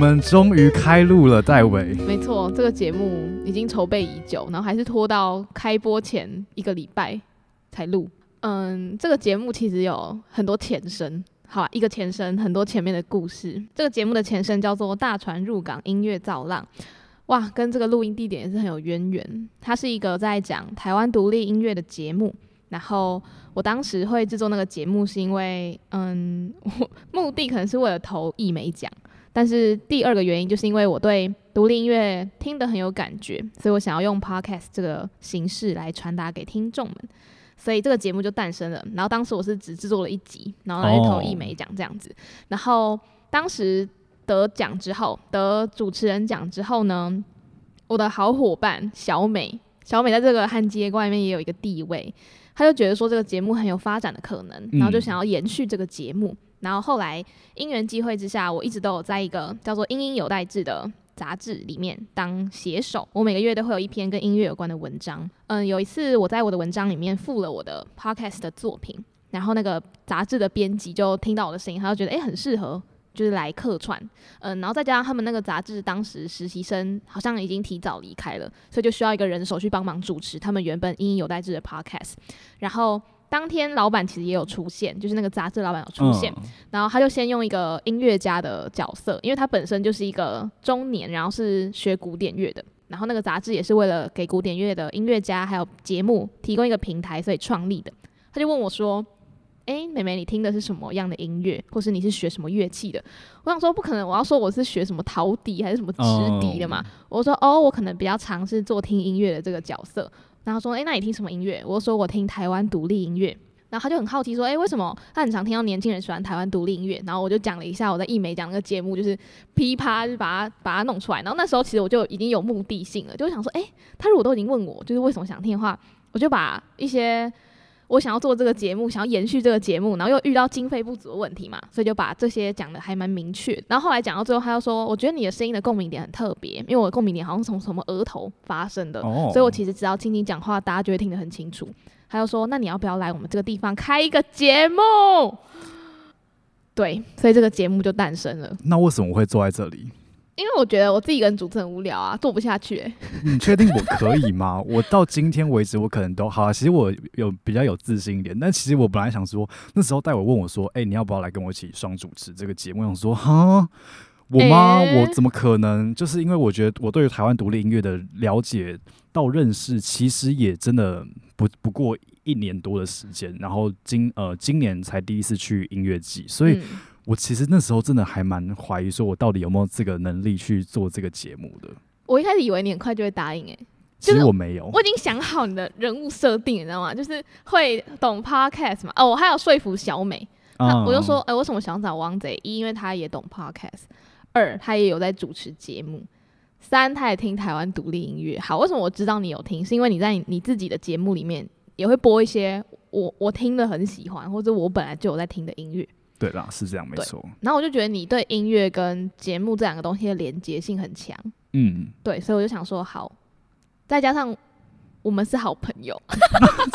我們終於開錄了， 戴維 維。沒錯，這個節目已經籌備已久，然後還是拖到開播前一個禮拜才錄。嗯，這個節目其實有很多前身，好，一個前身很多前面的故事。這個節目的前身叫做《大船入港音樂造浪》，哇，跟這個錄音地點也是很有淵源。它是一個在講台灣獨立音樂的節目。然後我當時會製作那個節目，是因為，嗯我，目的可能是為了投一枚獎。但是第二個原因就是因為我對獨立音樂聽得很有感覺，所以我想要用 podcast 這個形式來傳達給聽眾們，所以這個節目就誕生了。然後當時我是只製作了一集，然後來投一枚獎這樣子。哦、然後當時得獎之後，得主持人獎之後呢，我的好夥伴小美，小美在這個憨吉 ㄟ 呱裡面也有一個地位，她就覺得說這個節目很有發展的可能，然後就想要延續這個節目。嗯然後後來，因緣際會之下，我一直都有在一個叫做《音音有代誌》的雜誌裡面當寫手。我每個月都會有一篇跟音樂有關的文章。嗯，有一次我在我的文章裡面附了我的 podcast 的作品，然後那個雜誌的編輯就聽到我的聲音，他就覺得誒、欸、很適合，就是來客串。嗯，然後再加上他們那個雜誌當時實習生好像已經提早離開了，所以就需要一個人手去幫忙主持他們原本《音音有代誌》的 podcast。然後。當天老闆其實也有出現，就是那個雜誌老闆有出現，oh. 然後他就先用一個音樂家的角色，因為他本身就是一個中年，然後是學古典樂的，然後那個雜誌也是為了給古典樂的音樂家還有節目提供一個平台，所以創立的。他就問我說：“哎、欸，妹妹，你聽的是什麼樣的音樂？或是你是學什麼樂器的？”我想說不可能，我要說我是學什麼陶笛還是什麼直笛的嘛？Oh. 我說：“哦，我可能比較嘗試做聽音樂的這個角色。”然後說：“欸，那你聽什麼音樂？”我說：“我聽台灣獨立音樂。”然後他就很好奇說：“欸，為什麼他很常聽到年輕人喜歡台灣獨立音樂？”然後我就講了一下我在藝美講那個節目，就是噼啪就把它把它弄出來。然後那時候其實我就已經有目的性了，就想說：“欸，他如果都已經問我就是為什麼想聽的話，我就把一些。”我想要做這個節目，想要延續這個節目，然後又遇到經費不足的問題嘛，所以就把這些講的還蠻明確。然後後來講到最後，他又說：“我覺得你的聲音的共鳴點很特別，因為我的共鳴點好像是從什麼額頭發生的，Oh. 所以我其實只要輕輕講話，大家就會聽得很清楚。”他又說：“那你要不要來我們這個地方開一個節目？”對，所以這個節目就誕生了。那為什麼我會坐在這裡？因為我覺得我自己一個人主持很無聊啊，做不下去，欸嗯。你確定我可以嗎？ 我到今天為止，我可能都好啦。其實我有比較有自信一點，但其實我本來想說，那時候戴偉問我說：“誒、欸，你要不要來跟我一起雙主持這個節目？”我想說：“哈，我嗎？欸，我怎麼可能？就是因為我覺得我對於台灣獨立音樂的了解到認識，其實也真的不不過一年多的時間，然後今呃今年才第一次去音樂祭，所以。嗯”我其實那時候真的還蠻懷疑，說我到底有沒有這個能力去做這個節目的。我一開始以為你很快就會答應。欸，誒、就是，其實我沒有，我已經想好你的人物設定，你知道嗎？就是會懂 podcast 嘛，哦、呃，我還要說服小美，嗯、那我就說，哎、呃，為什麼想找王賊？一，因為他也懂 podcast，二，他也有在主持節目，三，他也聽台灣獨立音樂。好，為什麼我知道你有聽？是因為你在你自己的節目裡面也會播一些我我聽的很喜歡，或者我本來就有在聽的音樂。對啦，是這樣沒，沒錯。然後我就覺得你對音樂跟節目這兩個東西的連接性很強，嗯，對，所以我就想說好，再加上我們是好朋友，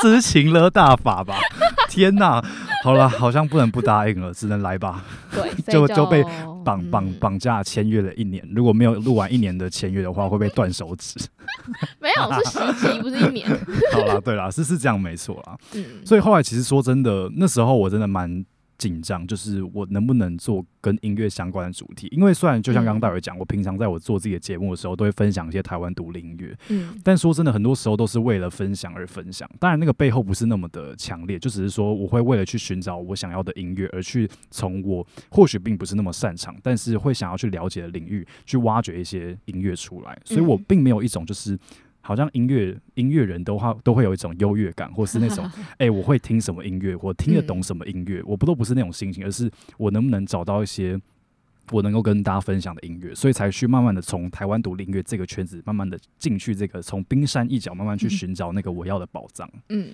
這是 情勒大法吧？ 天吶，好了，好像不能不答應了， 只能來吧。 對， 就就被綁綁綁架簽約了一年，嗯、如果沒有錄完一年的簽約的話，會被斷手指。 沒有，是十集， 不是一年。 好了，對啦，是是這樣，沒錯啦。嗯、所以後來其實說真的，那時候我真的蠻緊張，就是我能不能做跟音樂相關的主題？因為雖然就像剛剛戴爾講，嗯、我平常在我做自己的節目的時候，都會分享一些台灣獨立音樂。嗯，但說真的，很多時候都是為了分享而分享。當然，那個背後不是那麼的強烈，就只是說我會為了去尋找我想要的音樂，而去從我或許並不是那麼擅長，但是會想要去了解的領域去挖掘一些音樂出來。所以我並沒有一種就是。嗯好像音樂音樂人都會都會有一種優越感，或是那種哎、 欸，我會聽什麼音樂，或聽得懂什麼音樂，嗯、我不都不是那種心情，而是我能不能找到一些我能夠跟大家分享的音樂，所以才去慢慢的從台灣獨立音樂這個圈子，慢慢的進去這個從冰山一角慢慢去尋找那個我要的寶藏。嗯，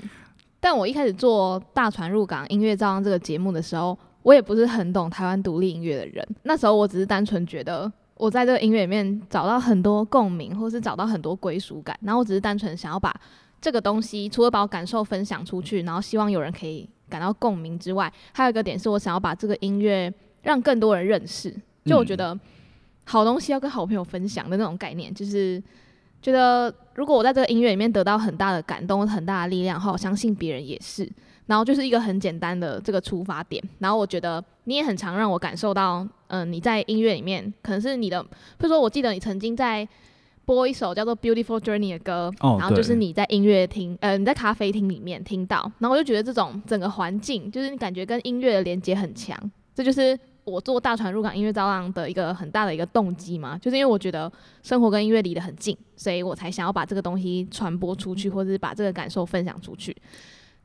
但我一開始做大船入港音樂照樣這個節目的時候，我也不是很懂台灣獨立音樂的人，那時候我只是單純覺得。我在這個音樂裡面找到很多共鳴，或是找到很多歸屬感。然後我只是單純想要把這個東西，除了把我感受分享出去，然後希望有人可以感到共鳴之外，還有一個點是我想要把這個音樂讓更多人認識。就我覺得好東西要跟好朋友分享的那種概念，就是覺得如果我在這個音樂裡面得到很大的感動、很大的力量好，我相信別人也是。然後就是一個很簡單的這個出發點，然後我覺得你也很常讓我感受到，嗯、呃，你在音樂裡面可能是你的，比如說我記得你曾經在播一首叫做《Beautiful Journey》的歌，哦、然後就是你在音樂廳，呃，你在咖啡廳裡面聽到，然後我就覺得這種整個環境就是你感覺跟音樂的連接很強，這就是我坐大船入港音樂造浪的一個很大的一個動機嘛，就是因為我覺得生活跟音樂離得很近，所以我才想要把這個東西傳播出去，或者是把這個感受分享出去。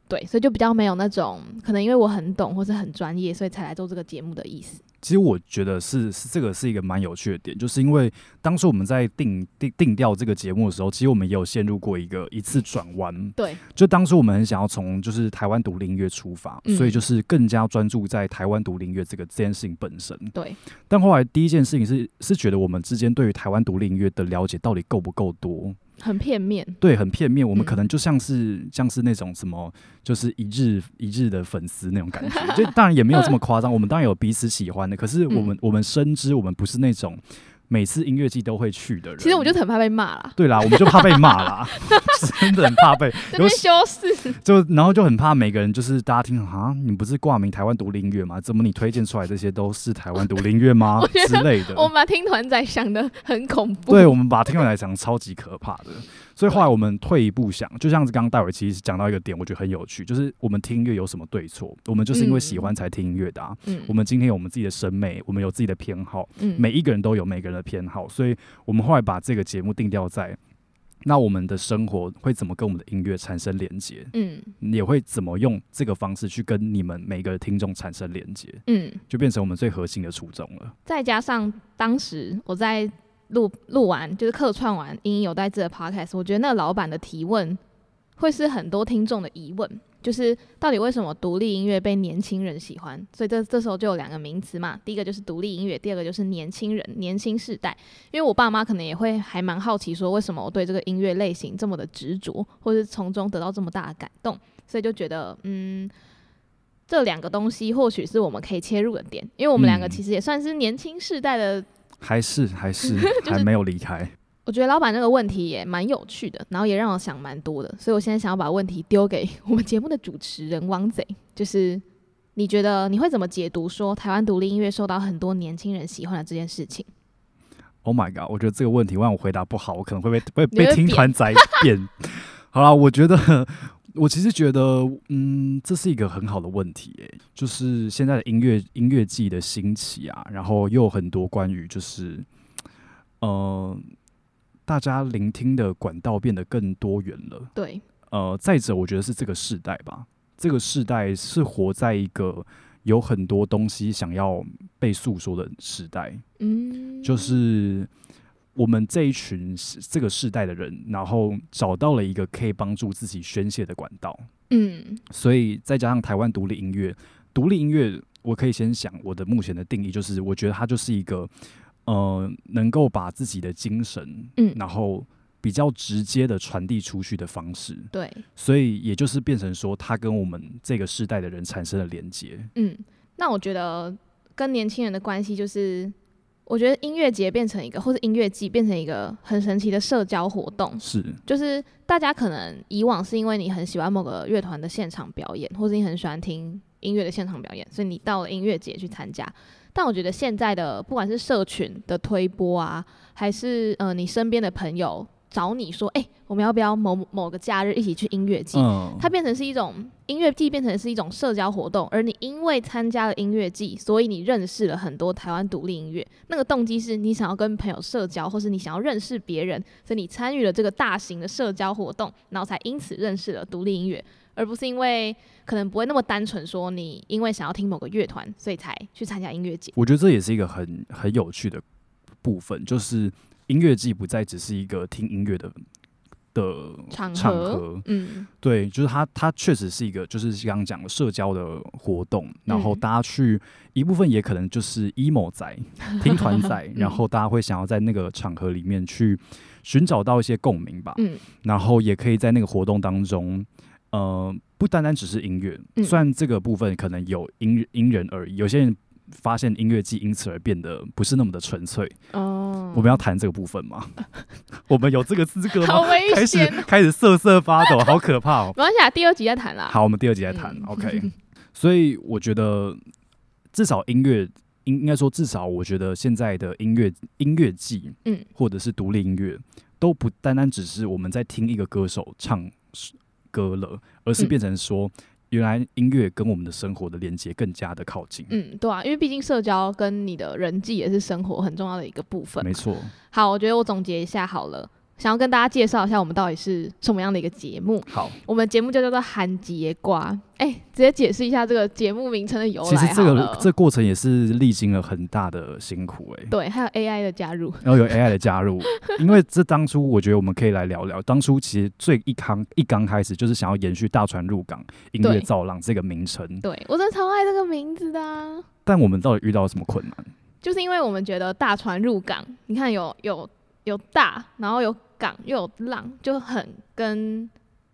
對，所以就比較沒有那種可能，因為我很懂或是很專業，所以才來做這個節目的意思。其實我覺得是，是這個是一個蠻有趣的點，就是因為當初我們在定定定調這個節目的時候，其實我們也有陷入過一個一次轉彎。對，就當初我們很想要從就是台灣獨立音樂出發，嗯、所以就是更加專注在台灣獨立音樂這個這件事情本身。對，但後來第一件事情是是覺得我們之間對於台灣獨立音樂的了解到底夠不夠多。很片面，對，很片面。我們可能就像是、嗯、像是那種什麼，就是一日一日的粉絲那種感覺。 就當然也沒有這麼誇張，我們當然有彼此喜歡的，可是我們、嗯、我們深知我們不是那種。每次音樂祭都會去的人，其實我就很怕被罵啦。對啦，我們就怕被罵啦， 真的很怕被這邊修飾。就然後就很怕每個人，就是大家聽啊，你不是掛名台灣獨立音樂嗎？怎麼你推薦出來這些都是台灣獨立音樂嗎？之類的，我們把聽團仔想得很恐怖。對，我們把聽團仔想得超級可怕的。所以後來我們退一步想，就像是剛剛戴維其實講到一個點，我覺得很有趣，就是我們聽音樂有什麼對錯？我們就是因為喜歡才聽音樂的啊。嗯，我們今天有我們自己的審美，我們有自己的偏好。嗯，每一個人都有每個人的偏好，所以我們後來把這個節目定調在，那我們的生活會怎麼跟我們的音樂產生連接？嗯，也會怎麼用這個方式去跟你們每個聽眾產生連接？嗯，就變成我們最核心的初衷了。再加上當時我在。錄錄完就是客串完音音有代誌的 Podcast，我覺得那老闆的提問會是很多聽眾的疑問，就是到底為什麼獨立音樂被年輕人喜歡？所以這這時候就有兩個名詞嘛，第一個就是獨立音樂，第二個就是年輕人、年輕世代。因為我爸媽可能也會還蠻好奇，說為什麼我對這個音樂類型這麼的執着，或是從中得到這麼大的感動，所以就覺得嗯，這兩個東西或許是我們可以切入的點，因為我們兩個其實也算是年輕世代的、嗯。還是還是、 就是、還沒有離開。我覺得老闆那個問題也蠻有趣的，然後也讓我想蠻多的，所以我現在想要把問題丟給我們節目的主持人汪仔，就是你覺得你會怎麼解讀說台灣獨立音樂受到很多年輕人喜歡的這件事情？Oh my god！我覺得這個問題萬一我，我回答不好，我可能會被會被會被聽團宰扁好了，我覺得。我其實覺得，嗯，這是一個很好的問題。欸，哎，就是現在的音樂音樂祭的興起啊，然後又有很多關於就是，呃，大家聆聽的管道變得更多元了，對，呃，再者，我覺得是這個時代吧，這個時代是活在一個有很多東西想要被訴說的時代，嗯，就是。我們這一群這個世代的人，然後找到了一個可以幫助自己宣洩的管道，嗯，所以再加上台灣獨立音樂，獨立音樂，我可以先想我的目前的定義，就是我覺得它就是一個，呃，能夠把自己的精神，嗯，然後比較直接的傳遞出去的方式，對，所以也就是變成說，它跟我們這個世代的人產生了連接，嗯，那我覺得跟年輕人的關係就是。我覺得音樂節變成一個，或是音樂季變成一個很神奇的社交活動，是，就是大家可能以往是因為你很喜歡某個樂團的現場表演，或是你很喜歡聽音樂的現場表演，所以你到了音樂節去參加。但我覺得現在的不管是社群的推播啊，還是呃你身邊的朋友。找你說，誒、欸，我們要不要某某個假日一起去音樂祭？嗯、它變成是一種音樂祭，變成是一種社交活動。而你因為參加了音樂祭，所以你認識了很多台灣獨立音樂。那個動機是你想要跟朋友社交，或是你想要認識別人，所以你參與了這個大型的社交活動，然後才因此認識了獨立音樂，而不是因為可能不會那麼單純說你因為想要聽某個樂團，所以才去參加音樂祭。我覺得這也是一個很很有趣的部分，就是。音樂祭不再只是一個聽音樂的的場合，場合嗯、對，就是它，它確實是一個，就是剛剛講的社交的活動，然後大家去，嗯、一部分也可能就是 emo 仔聽團仔，呵呵然後大家會想要在那個場合裡面去尋找到一些共鳴吧，嗯、然後也可以在那個活動當中，呃，不單單只是音樂，雖然，嗯、這個部分可能有因因人而異，有些人，嗯。發現音樂祭因此而變得不是那麼的純粹，oh. 我們要談這個部分嗎？ 我們有這個資格嗎？ 喔、開始開始瑟瑟發抖，好可怕哦，喔！沒關係啊，第二集再談啦。好，我們第二集再談。OK。所以我覺得，至少音樂應應該說，至少我覺得現在的音樂音樂祭，嗯，或者是獨立音樂，都不單單只是我們在聽一個歌手唱歌了，而是變成說，嗯原來音樂跟我們的生活的連接更加的靠近。嗯，對啊，因為畢竟社交跟你的人際也是生活很重要的一個部分。沒錯。好，我覺得我總結一下好了。想要跟大家介紹一下，我們到底是什麼樣的一個節目？好，我們節目就叫做“憨吉 ㄟ 呱”欸。哎，直接解釋一下這個節目名稱的由來。其實這個這個、過程也是歷經了很大的辛苦哎、欸。對，還有 AI 的加入，然後、哦、有 AI 的加入， 因為這當初我覺得我們可以來聊聊。當初其實最一剛一剛開始就是想要延續“大船入港”音樂造浪這個名稱。對，我真的超愛這個名字的、啊。但我們到底遇到了什麼困難？就是因為我們覺得“大船入港”，你看有有。有大，然後有港，又有浪，就很跟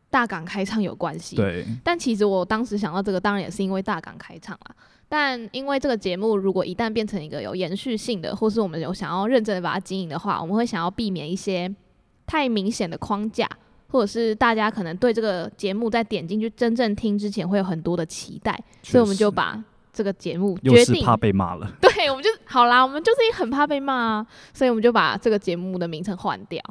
大港開唱有關係。對。但其實我當時想到這個，當然也是因為大港開唱啦。但因為這個節目，如果一旦變成一個有延續性的，或是我們有想要認真的把它經營的話，我們會想要避免一些太明顯的框架，或者是大家可能對這個節目在點進去真正聽之前會有很多的期待，確實。所以我們就把。這個節目決定，怕被罵了。對，對我們就好啦，我們就是因為很怕被罵啊，所以我們就把這個節目的名稱換掉，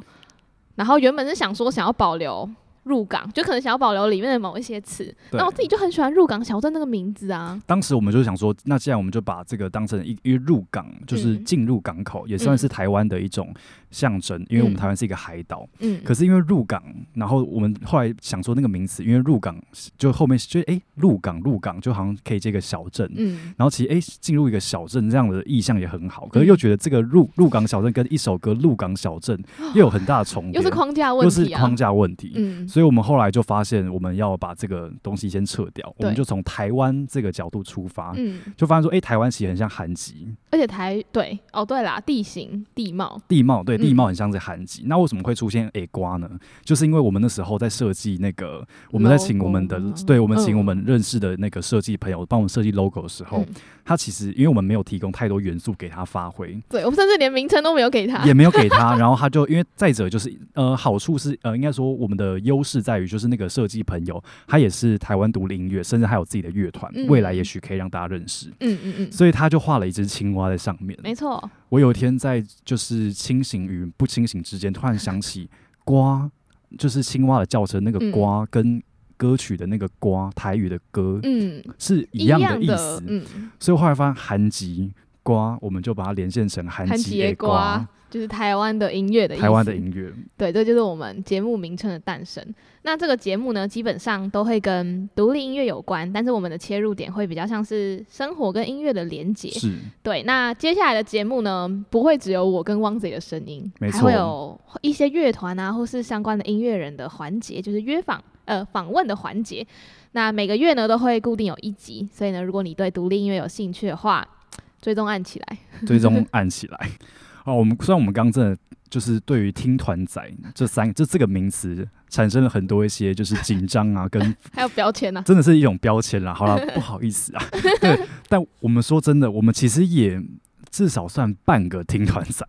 然後原本是想說想要保留。入港就可能想要保留裡面的某一些詞，那對我自己就很喜歡“入港小鎮”那個名字啊。當時我們就想說，那既然我們就把這個當成一一入港，就是進入港口，嗯、也算是台灣的一種象徵，嗯、因為我們台灣是一個海島。嗯。可是因為入港，然後我們後來想說，那個名詞，因為入港，就後面就哎、欸、入港入港，就好像可以這個小鎮。嗯、然後其實哎進入一個小鎮這樣的意象也很好，可是又覺得這個入、嗯、入港小鎮跟一首歌《入港小鎮》又有很大的重，又是，啊、又是框架問題，又是框架問題。嗯。所以。所以我們後來就發現，我們要把這個東西先撤掉。對我們就從台灣這個角度出發，嗯，就發現說，哎、欸，台灣其實很像憨吉，而且台對哦對啦，地形地貌，地貌對、嗯、地貌很像是憨吉。那為什麼會出現 ㄟ 呱呢？就是因為我們那時候在設計那個，我們在請我們的，對我們請我們認識的那個設計朋友幫我們設計 logo 的時候，嗯、他其實因為我們沒有提供太多元素給他發揮，對我們甚至連名稱都沒有給他，也沒有給他。 然後他就因為再者就是，呃，好處是呃，應該說我們的優。優勢在於，就是那個設計朋友，他也是台灣獨立音樂，甚至還有自己的樂團，嗯、未來也許可以讓大家認識。嗯嗯嗯。嗯嗯，所以他就畫了一隻青蛙在上面。沒錯。我有一天在就是清醒與不清醒之間，突然想起「呱」， 就是青蛙的叫聲。那個「呱」跟歌曲的那個「呱」，嗯、台語的“歌”嗯，是一樣的意思。嗯、所以後來發現憨吉「呱」，我們就把它連線成憨吉的呱。憨吉的呱。就是台灣的音樂的意思。台灣的音樂，對，這就是我們節目名稱的誕生。那這個節目呢，基本上都會跟獨立音樂有關，但是我們的切入點會比較像是生活跟音樂的連接。是，對。那接下來的節目呢，不會只有我跟汪仔的聲音，沒錯，還會有一些樂團啊，或是相關的音樂人的環節，就是約訪呃訪問的環節。那每個月呢，都會固定有一集，所以呢，如果你對獨立音樂有興趣的話，追蹤按起來，追蹤按起來。 哦，我們雖然我們剛剛真的就是對於“聽團仔”這三就這個名詞產生了很多一些就是緊張啊，跟還有標籤啊，真的是一種標籤啦。好啦， 不好意思啊，對，但我們說真的，我們其實也至少算半個聽團仔，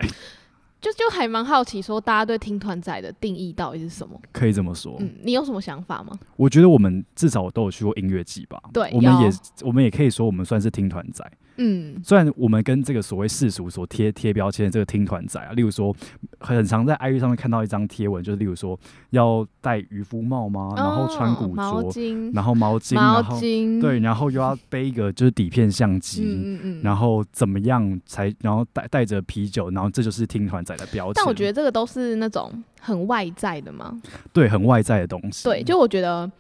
就就還蠻好奇說大家對聽團仔的定義到底是什麼？可以這麼說，嗯，你有什麼想法嗎？我覺得我們至少都有去過音樂祭吧，對，我們也有我們也可以說我們算是聽團仔。嗯，雖然我們跟這個所謂世俗所貼貼標籤，這個聽團仔啊，例如說，很常在 IG 上面看到一張貼文，就是例如說要戴漁夫帽嗎？哦、然後穿古着，毛巾，然後毛巾，毛巾然後，對，然後又要背一個就是底片相機。嗯嗯嗯，然後怎麼樣才，然後帶帶着啤酒，然後這就是聽團仔的標籤。但我覺得這個都是那種很外在的嘛，對，很外在的東西。對，就我覺得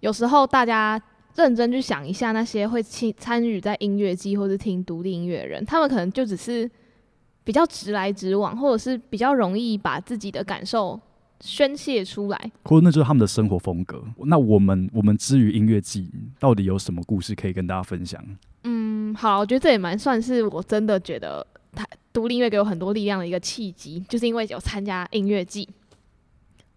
有時候大家。認真去想一下，那些會去參與在音樂季或是聽獨立音樂的人，他們可能就只是比較直來直往，或者是比較容易把自己的感受宣洩出來，或者那就是他們的生活風格。那我們我們之於音樂季到底有什麼故事可以跟大家分享？嗯，好，我覺得這也蠻算是我真的覺得，他獨立音樂給我很多力量的一個契機，就是因為有參加音樂季。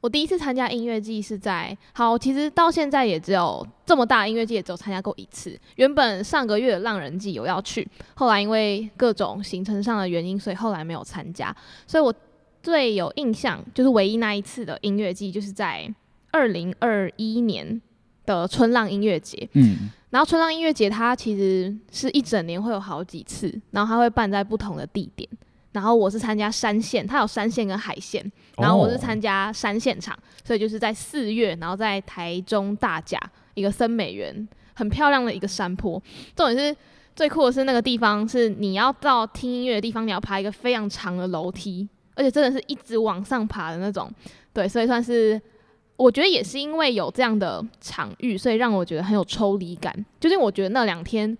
我第一次參加音樂祭是在好，其實到現在也只有這麼大的音樂祭也只有參加過一次。原本上個月的浪人祭有要去，後來因為各種行程上的原因，所以後來沒有參加。所以我最有印象就是唯一那一次的音樂祭，就是在二零二一年的春浪音樂節。嗯，然後春浪音樂節它其實是一整年會有好幾次，然後它會辦在不同的地點。然後我是參加山線，它有山線跟海線，然後我是參加山線場，Oh. 所以就是在四月，然後在台中大甲一個森美園，很漂亮的一個山坡。重點是，最酷的是那個地方是你要到聽音樂的地方，你要爬一個非常長的樓梯，而且真的是一直往上爬的那種。對，所以算是我覺得也是因為有這樣的場域，所以讓我覺得很有抽離感。就是我覺得那兩天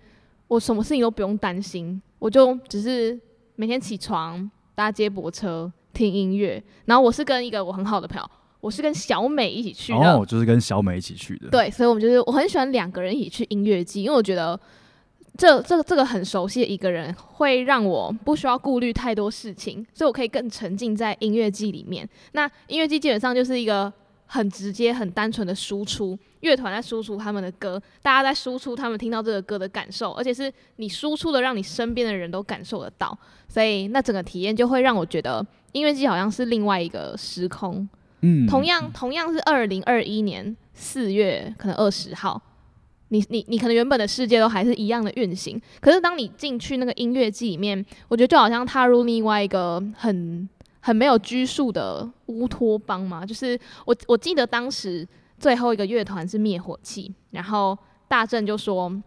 我什麼事情都不用擔心，我就只是。每天起床搭接駁車聽音樂，然後我是跟一個我很好的朋友，我是跟小美一起去的，我、哦、就是跟小美一起去的，對，所以我們就是我很喜歡兩個人一起去音樂祭，因為我覺得這這這個很熟悉的一個人會讓我不需要顧慮太多事情，所以我可以更沉浸在音樂祭裡面。那音樂祭基本上就是一個。很直接、很單純的輸出，樂團在輸出他們的歌，大家在輸出他們聽到這個歌的感受，而且是你輸出的，讓你身邊的人都感受得到，所以那整個體驗就會讓我覺得音樂季好像是另外一個時空。嗯同，同樣同樣是二零二一年四月，可能二十號，你、你、你可能原本的世界都還是一樣的運行，可是當你進去那個音樂季裡面，我覺得就好像踏入另外一個很。很沒有拘束的烏托邦嘛，就是我我記得當時最後一個樂團是滅火器，然後大正就說：“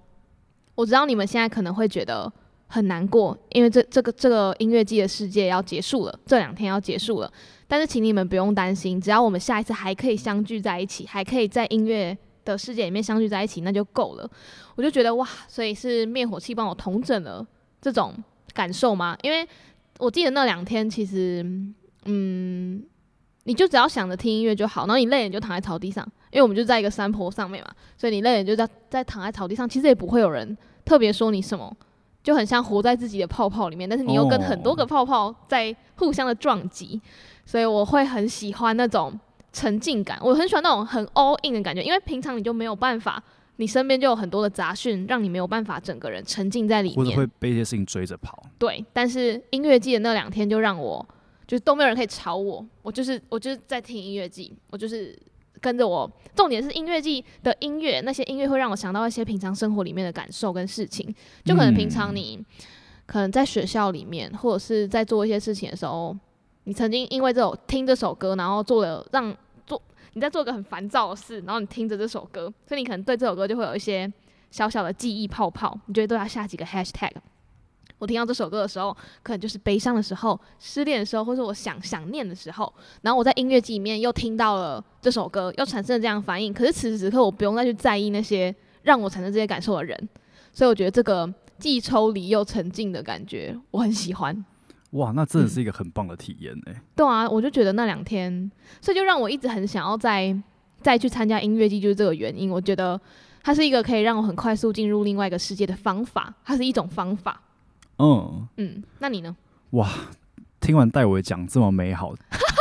我知道你們現在可能會覺得很難過，因為這這個這個音樂祭的世界要結束了，這兩天要結束了。但是請你們不用擔心，只要我們下一次還可以相聚在一起，還可以在音樂的世界裡面相聚在一起，那就夠了。”我就覺得哇，所以是滅火器幫我統整了這種感受嗎？因為。我記得那兩天，其實，嗯，你就只要想着聽音樂就好，然後你累了就躺在草地上，因為我們就在一個山坡上面嘛，所以你累了就在在躺在草地上，其實也不會有人特別說你什麼，就很像活在自己的泡泡裡面，但是你又跟很多個泡泡在互相的撞擊，Oh. 所以我會很喜歡那種沉浸感，我很喜歡那種很 all in 的感覺，因為平常你就沒有辦法。你身邊就有很多的雜訊，讓你沒有辦法整個人沉浸在裡面，或者會被一些事情追着跑。對，但是音樂祭的那兩天就讓我，就是都沒有人可以吵我，我就是我就是在聽音樂祭，我就是跟着我。重點是音樂祭的音樂，那些音樂會讓我想到一些平常生活裡面的感受跟事情。就可能平常你、嗯、可能在學校裡面，或者是在做一些事情的時候，你曾經因為這首聽這首歌，然後做了讓。你在做個很煩躁的事，然後你聽着這首歌，所以你可能對這首歌就會有一些小小的記憶泡泡。你就會對它下幾個 hashtag。我聽到這首歌的時候，可能就是悲傷的時候、失戀的時候，或者我想想念的時候。然後我在音樂祭裡面又聽到了這首歌，又產生了這樣的反應。可是此時此刻，我不用再去在意那些讓我產生這些感受的人。所以我覺得這個既抽離又沉浸的感覺，我很喜歡。哇，那真的是一個很棒的體驗哎、欸嗯！對啊，我就覺得那兩天，所以就讓我一直很想要再再去參加音樂祭，就是這個原因。我覺得它是一個可以讓我很快速進入另外一個世界的方法，它是一種方法。嗯嗯，那你呢？哇！聽完戴維講這麼美好，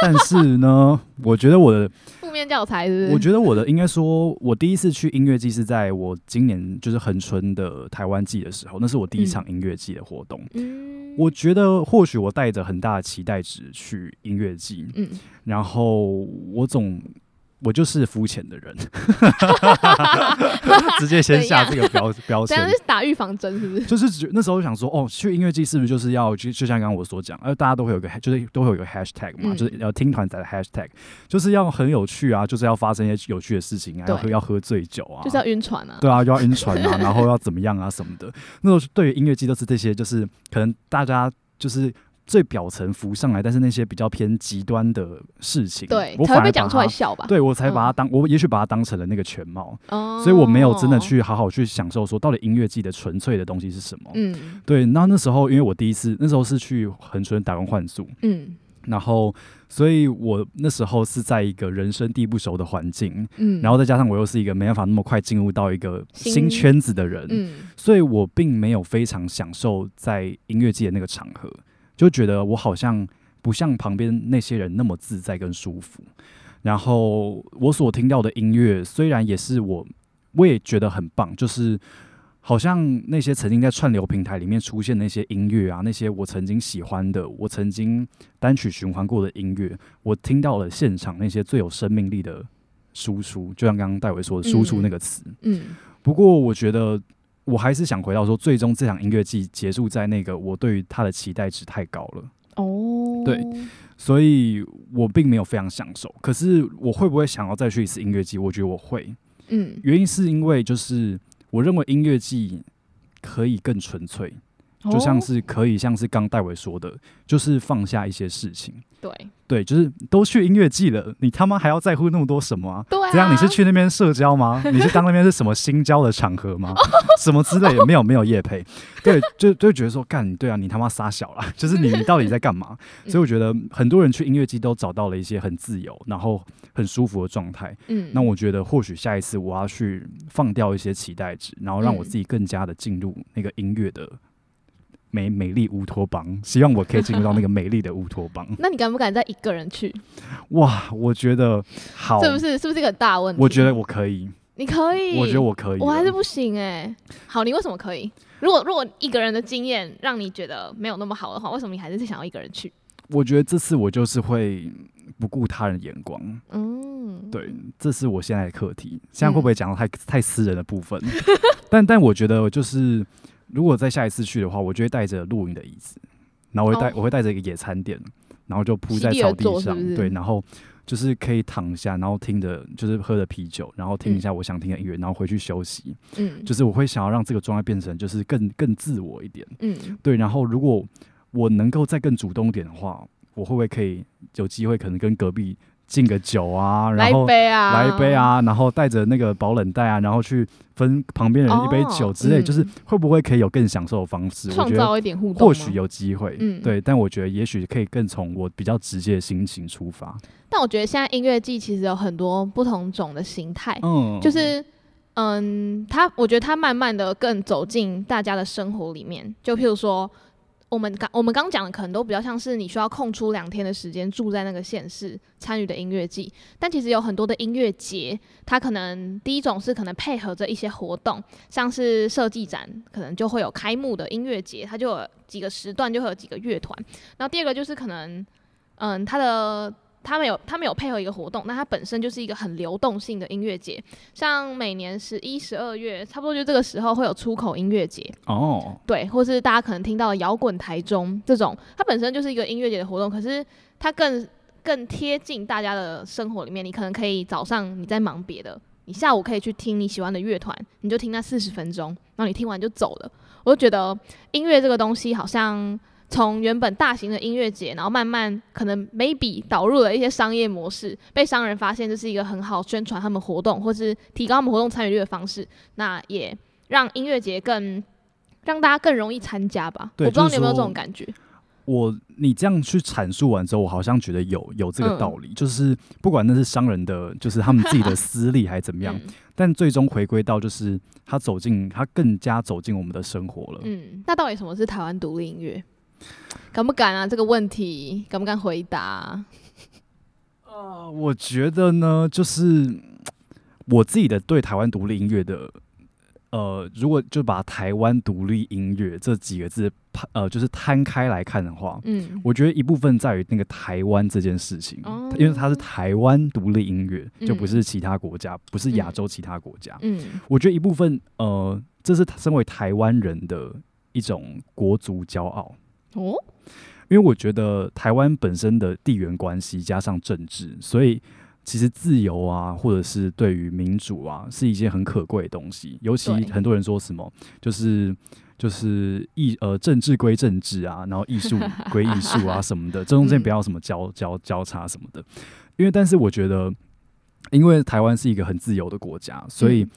但是呢， 我覺得我的負面教材是、是，我覺得我的應該說，我第一次去音樂祭是在我今年就是恆春的台灣祭的時候，那是我第一場音樂祭的活動。嗯，我覺得或許我帶着很大的期待值去音樂祭，嗯，然後我總。我就是膚淺的人， 直接先下這個標樣標籤籤，是打預防針，是不是？就是那時候想說，哦，去音樂祭是不是就是要就就像剛剛我所講，呃，大家都會有個就是都會有一個 hashtag 嘛，就是要聽團仔的 hashtag，就是要很有趣啊，就是要發生一些有趣的事情啊，要對要喝醉酒啊，就是要暈船啊，對啊，就要暈船啊， 然後要怎麼樣啊什麼的。那時候對於音樂祭都是這些，就是可能大家就是。最表層浮上來，但是那些比較偏極端的事情，對我反而才會講出來笑吧。對我才把它當，嗯、我也許把它當成了那個全貌，嗯、所以我沒有真的去好好去享受說到底音樂祭的純粹的東西是什麼？嗯，對。那那時候，因為我第一次那時候是去恆春打工換宿，嗯，然後所以我那時候是在一個人生地不熟的環境，嗯，然後再加上我又是一個沒辦法那麼快進入到一個新圈子的人，嗯，所以我並沒有非常享受在音樂祭的那個場合。就覺得我好像不像旁邊那些人那麼自在跟舒服，然後我所聽到的音樂雖然也是我，我也覺得很棒，就是好像那些曾經在串流平台裡面出現的那些音樂啊，那些我曾經喜歡的，我曾經單曲循環過的音樂，我聽到了現場那些最有生命力的輸出，就像剛剛戴維說的“輸出”那個詞。嗯。嗯。不過我覺得。我還是想回到說，最終這場音樂祭結束在那個，我對於他的期待值太高了。哦、oh，對，所以我並沒有非常享受。可是我會不會想要再去一次音樂祭？我覺得我會。嗯，原因是因為就是我認為音樂祭可以更純粹，oh、就像是可以像是剛戴維說的，就是放下一些事情。對對，就是都去音樂祭了，你他媽還要在乎那麼多什麼，啊？對、啊，這樣你是去那邊社交嗎？ 你是當那邊是什麼新交的場合嗎？ 什麼之類也沒？沒有沒有業配。 對，就就覺得說，幹，對啊，你他媽啥小啦，就是你你到底在幹嘛？ 所以我覺得很多人去音樂祭都找到了一些很自由，然後很舒服的狀態。 嗯，那我覺得或許下一次我要去放掉一些期待值，然後讓我自己更加的進入那個音樂的。美美麗烏托邦，希望我可以進入到那個美麗的烏托邦。 那你敢不敢再一個人去？哇，我覺得好，是不是是不是一個大問題？我覺得我可以，你可以，我覺得我可以，我還是不行哎、欸。好，你為什麼可以？如果如果一個人的經驗讓你覺得沒有那麼好的話，為什麼你還是想要一個人去？我覺得這次我就是會不顧他人眼光，嗯，對，這是我現在的課題。現在會不會講到太、嗯、太私人的部分？ 但但我覺得就是。如果再下一次去的話，我就會帶着露營的椅子，然後我會帶我會帶着一個野餐墊，然後就鋪在草地上，對，然後就是可以躺下，然後聽着就是喝着啤酒，然後聽一下我想聽的音樂，然後回去休息。嗯，就是我會想要讓這個狀態變成就是更更自我一點。嗯，對，然後如果我能夠再更主動一點的話，我會不會可以有機會可能跟隔壁？敬個酒啊，然後來一杯啊，來一杯啊，嗯、然後帶着那個保冷袋啊，然後去分旁邊人一杯酒之類，哦嗯、就是會不會可以有更享受的方式？創造一點互動，或許有機會，嗯，對。但我覺得也許可以更從我比較直接的心情出發。嗯、但我覺得現在音樂祭其實有很多不同種的形態，嗯就是，嗯，就是嗯，他我覺得他慢慢的更走進大家的生活裡面，就譬如說，嗯我們剛我們剛講的可能都比較像是你需要空出兩天的時間住在那個縣市參與的音樂季，但其實有很多的音樂節，它可能第一種是可能配合着一些活動，像是設計展，可能就會有開幕的音樂節，它就有幾個時段就會有幾個樂團。然後第二個就是可能，嗯，它的。他們有他們有配合一個活動，那它本身就是一個很流動性的音樂節，像每年十一、十二月，差不多就這個時候會有出口音樂節哦，oh. 對，或是大家可能聽到的搖滾台中這種，它本身就是一個音樂節的活動，可是它更更貼近大家的生活裡面，你可能可以早上你在忙別的，你下午可以去聽你喜歡的樂團，你就聽那四十分鐘，然後你聽完就走了。我就覺得音樂這個東西好像。從原本大型的音樂節，然後慢慢可能 maybe 導入了一些商業模式，被商人發現這是一個很好宣傳他們活動，或是提高他們活動參與率的方式。那也讓音樂節更讓大家更容易參加吧？對我不知道你有沒有這種感覺。我你這樣去闡述完之後，我好像覺得有有這個道理，嗯、就是不管那是商人的，就是他們自己的私利還是怎麼樣， 嗯、但最終回歸到就是他走進，他更加走進我們的生活了。嗯，那到底什麼是台灣獨立音樂？敢不敢啊？這個問題，敢不敢回答？ 呃，我覺得呢，就是我自己的對台灣獨立音樂的，呃，如果就把台灣獨立音樂這幾個字，呃，就是攤開來看的話，嗯，我覺得一部分在於那個台灣這件事情，哦、因為它是台灣獨立音樂，嗯，就不是其他國家，不是亞洲其他國家。嗯，我覺得一部分，呃，這是身為台灣人的一種國族驕傲。哦，因為我覺得台灣本身的地緣關係加上政治，所以其實自由啊，或者是對於民主啊，是一件很可貴的東西。尤其很多人說什麼，就是就是藝呃政治歸政治啊，然後藝術歸藝術啊什麼的，這中間不要什麼交交交叉什麼的。因為但是我覺得，因為台灣是一個很自由的國家，所以。嗯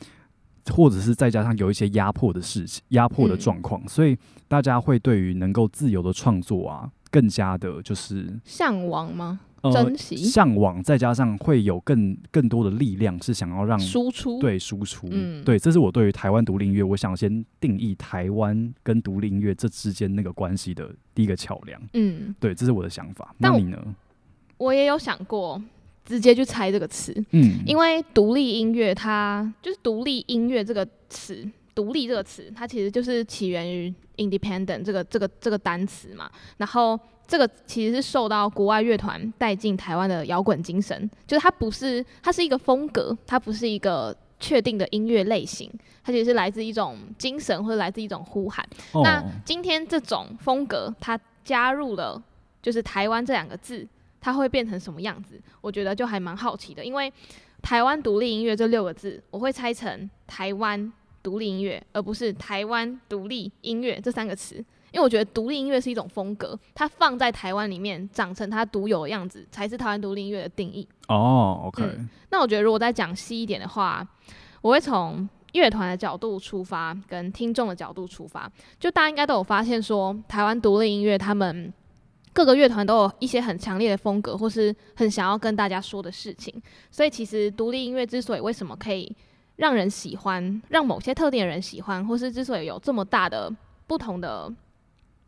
或者是再加上有一些壓迫的事情、壓迫的狀況，嗯、所以大家會對於能夠自由的創作啊，更加的就是向往嗎？呃、珍惜向往，再加上會有更更多的力量，是想要讓輸出對輸出。出嗯，對，這是我對於台灣獨立音樂，我想先定義台灣跟獨立音樂這之間那個關係的第一個橋梁。嗯，對，這是我的想法。我那你呢？我也有想過。直接就猜這個詞，嗯，因為獨立音樂它就是獨立音樂這個詞，獨立這個詞，它其實就是起源於 independent 這個這個這個單詞嘛。然後這個其實是受到國外樂團帶進台灣的搖滾精神，就是它不是，它是一個風格，它不是一個確定的音樂類型，它其實是來自一種精神或者來自一種呼喊。哦、那今天這種風格它加入了就是台灣這兩個字。它會變成什麼樣子？我覺得就還蠻好奇的，因為“台灣獨立音樂”這六個字，我會拆成“台灣獨立音樂”，而不是“台灣獨立音樂”這三個詞，因為我覺得“獨立音樂”是一種風格，它放在台灣裡面長成它獨有的樣子，才是台灣獨立音樂的定義。哦，OK。嗯，那我覺得如果再講細一點的話，我會從樂團的角度出發，跟聽眾的角度出發，就大家應該都有發現說，台灣獨立音樂他們。各個樂團都有一些很強烈的風格，或是很想要跟大家說的事情，所以其實獨立音樂之所以為什麼可以讓人喜歡，讓某些特定的人喜歡，或是之所以有這麼大的不同的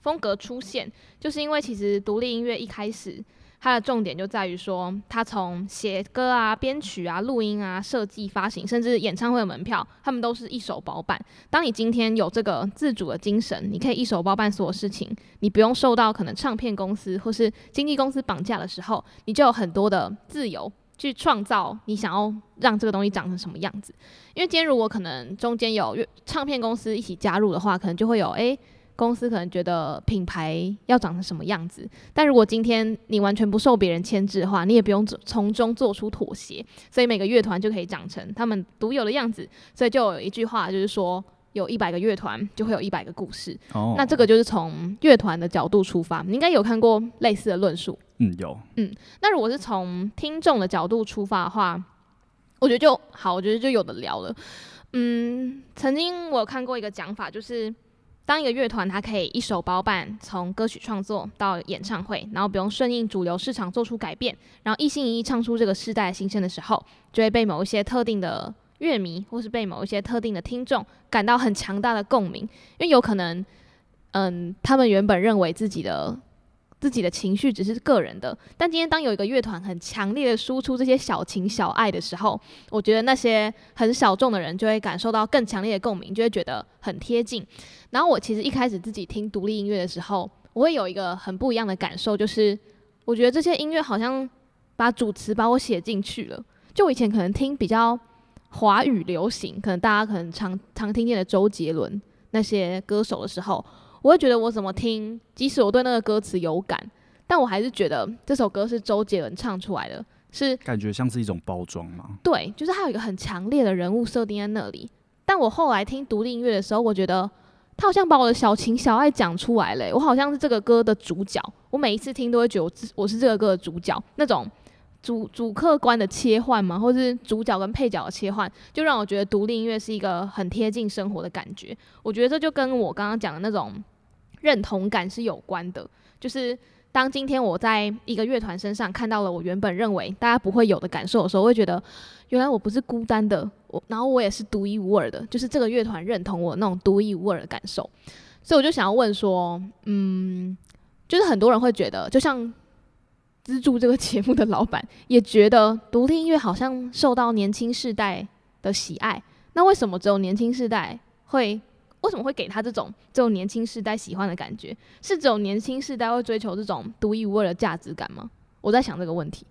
風格出現，就是因為其實獨立音樂一開始。它的重點就在於說，他從寫歌啊、編曲啊、錄音啊、設計、發行，甚至演唱會的門票，他們都是一手包辦。當你今天有這個自主的精神，你可以一手包辦所有事情，你不用受到可能唱片公司或是經紀公司綁架的時候，你就有很多的自由去創造你想要讓這個東西長成什麼樣子。因為今天如果可能中間有唱片公司一起加入的話，可能就會有，哎。欸公司可能覺得品牌要長成什麼樣子，但如果今天你完全不受別人牽制的話，你也不用從中做出妥協，所以每個樂團就可以長成他們獨有的樣子。所以就有一句話，就是說，有一百個樂團就會有一百個故事。哦，那這個就是從樂團的角度出發，你應該有看過類似的論述。嗯，有。嗯，那如果是從聽眾的角度出發的話，我覺得就好，我覺得就有的聊了。嗯，曾經我有看過一個講法，就是。當一個樂團，它可以一手包辦從歌曲創作到演唱會，然後不用順應主流市場做出改變，然後一心一意唱出這個世代的心聲的時候，就會被某一些特定的樂迷，或是被某一些特定的聽眾感到很強大的共鳴。因為有可能，嗯，他們原本認為自己的自己的情緒只是個人的，但今天當有一個樂團很強烈的輸出這些小情小愛的時候，我覺得那些很小眾的人就會感受到更強烈的共鳴，就會覺得很貼近。然後我其實一開始自己聽獨立音樂的時候，我會有一個很不一樣的感受，就是我覺得這些音樂好像把主詞把我寫進去了。就我以前可能聽比較華語流行，可能大家可能常常聽見的周杰倫那些歌手的時候，我會覺得我怎麼聽，即使我對那個歌詞有感，但我還是覺得這首歌是周杰倫唱出來的，是感覺像是一種包裝嗎？對，就是還有一個很強烈的人物設定在那裡。但我後來聽獨立音樂的時候，我覺得。他好像把我的小情小愛講出來了、欸。我好像是這個歌的主角，我每一次聽都會覺得我是這個歌的主角，那種主主客觀的切換嘛，或是主角跟配角的切換，就讓我覺得獨立音樂是一個很貼近生活的感覺。我覺得這就跟我剛剛講的那種認同感是有關的，就是。當今天我在一個樂團身上看到了我原本認為大家不會有的感受的時候，我會覺得原來我不是孤單的，我然後我也是獨一無二的，就是這個樂團認同我那種獨一無二的感受，所以我就想要問說，嗯，就是很多人會覺得，就像資助這個節目的老板也覺得獨立音樂好像受到年輕世代的喜愛，那為什麼只有年輕世代會？為什麼會給他這種這種年輕世代喜歡的感覺？是這種年輕世代會追求這種獨一無二的價值感嗎？我在想這個問題。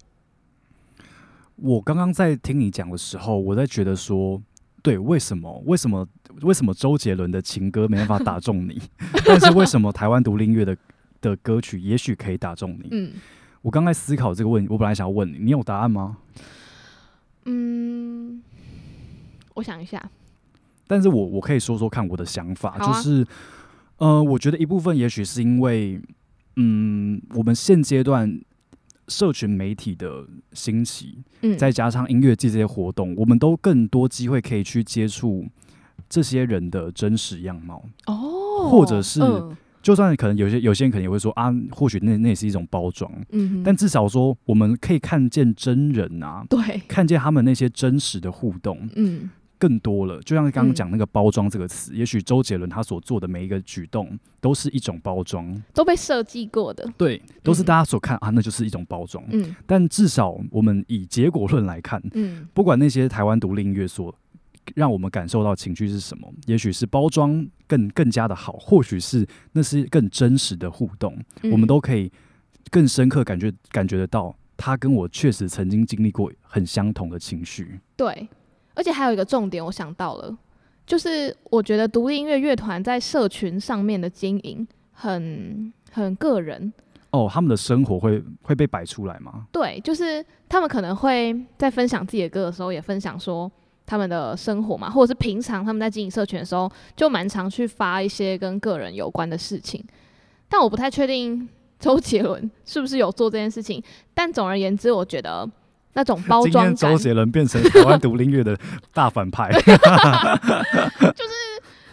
我剛剛在聽你講的時候，我在覺得說，對，為什麼為什麼為什麼周杰倫的情歌沒辦法打中你？ 但是為什麼台灣獨立音樂的的歌曲也許可以打中你？嗯， 我剛才思考這個問題。我本來想要問你，你有答案嗎？嗯，我想一下。但是我我可以說說看我的想法，啊、就是，呃，我覺得一部分也許是因為，嗯，我們現階段社群媒體的興起，嗯、再加上音樂祭這些活動，我們都更多機會可以去接觸這些人的真實樣貌哦，或者是、嗯、就算可能有些有些人可能也會說啊，或許那那也是一種包裝，嗯哼，但至少說我們可以看見真人啊，對，看見他們那些真實的互動，嗯。更多了，就像剛剛講那個包裝這個詞，嗯、也許周杰倫他所做的每一個舉動都是一種包裝，都被設計過的，對，都是大家所看、嗯、啊，那就是一種包裝。嗯、但至少我們以結果論來看，嗯、不管那些台灣獨立音樂所讓我們感受到情緒是什麼，也許是包裝更更加的好，或許是那是更真實的互動，嗯、我們都可以更深刻感覺感覺得到，他跟我確實曾經經歷過很相同的情緒，對。而且還有一個重點，我想到了，就是我覺得獨立音樂樂團在社群上面的經營很很個人哦，他們的生活會會被擺出來嗎？對，就是他們可能會在分享自己的歌的時候，也分享說他們的生活嘛，或者是平常他們在經營社群的時候，就蠻常去發一些跟個人有關的事情。但我不太確定周杰倫是不是有做這件事情。但總而言之，我覺得。那種包裝。今天周杰倫變成台灣獨立音樂的大反派，就是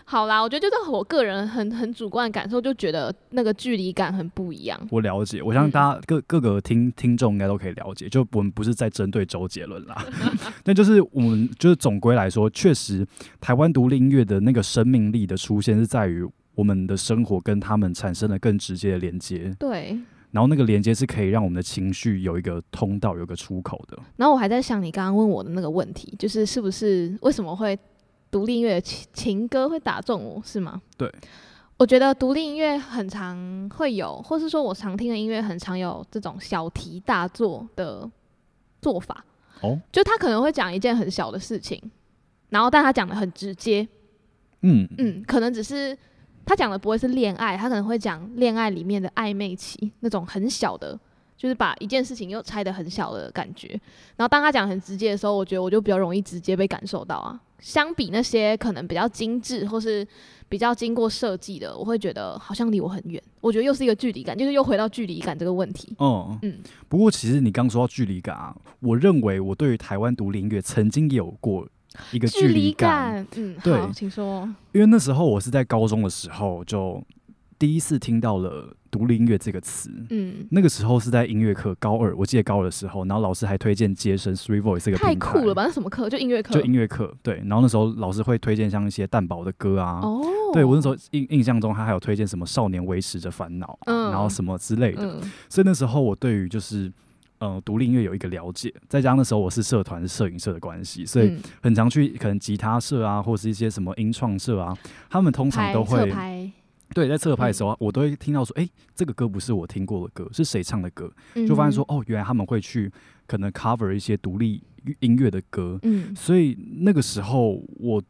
好啦。我覺得就是我個人很很主觀的感受，就覺得那個距離感很不一樣。我了解，我相信大家各、嗯、各個聽聽眾應該都可以了解。就我們不是在針對周杰倫啦， 但就是我們就是總歸來說，確實台灣獨立音樂的那個生命力的出現，是在於我們的生活跟他們產生了更直接的連接。對。然後那個連接是可以讓我們的情緒有一個通道，有個出口的。然後我還在想你剛剛問我的那個問題，就是是不是為什麼會獨立音樂情情歌會打中我，是嗎？對，我覺得獨立音樂很常會有，或是說我常聽的音樂很常有這種小題大做的做法。哦，就他可能會講一件很小的事情，然後但他講得很直接。嗯嗯，可能只是。他講的不會是戀愛，他可能會講戀愛裡面的曖昧期那種很小的，就是把一件事情又拆的很小的感覺。然後當他講很直接的時候，我覺得我就比較容易直接被感受到啊。相比那些可能比較精緻或是比較經過設計的，我會覺得好像離我很遠。我覺得又是一個距離感，就是又回到距離感這個問題。嗯嗯。不過其實你剛說到距離感啊，我認為我對於台灣獨立音樂曾經有過。一個距離感，嗯，對，請說。因為那時候我是在高中的時候就第一次聽到了獨立音樂這個詞，嗯，那個時候是在音樂課，高二，我記得高二的時候，然後老師還推薦街聲 StreetVoice 這個平台，太酷了吧？那什麼課？就音樂課，就音樂課。對，然後那時候老師會推薦像一些蛋堡的歌啊，哦，對我那時候印印象中他還有推薦什麼少年維持着煩惱，嗯，然後什麼之類的，嗯、所以那時候我對於就是。呃，獨立音樂有一個了解，再加上那時候我是社團攝影社的關係，所以很常去可能吉他社啊，或者是一些什麼音創社啊，他們通常都會，拍對，在側拍的時候，嗯、我都會聽到說，誒、欸，這個歌不是我聽過的歌，是誰唱的歌？嗯、哼就發現說，哦，原來他們會去可能 cover 一些獨立音樂的歌，嗯、所以那個時候我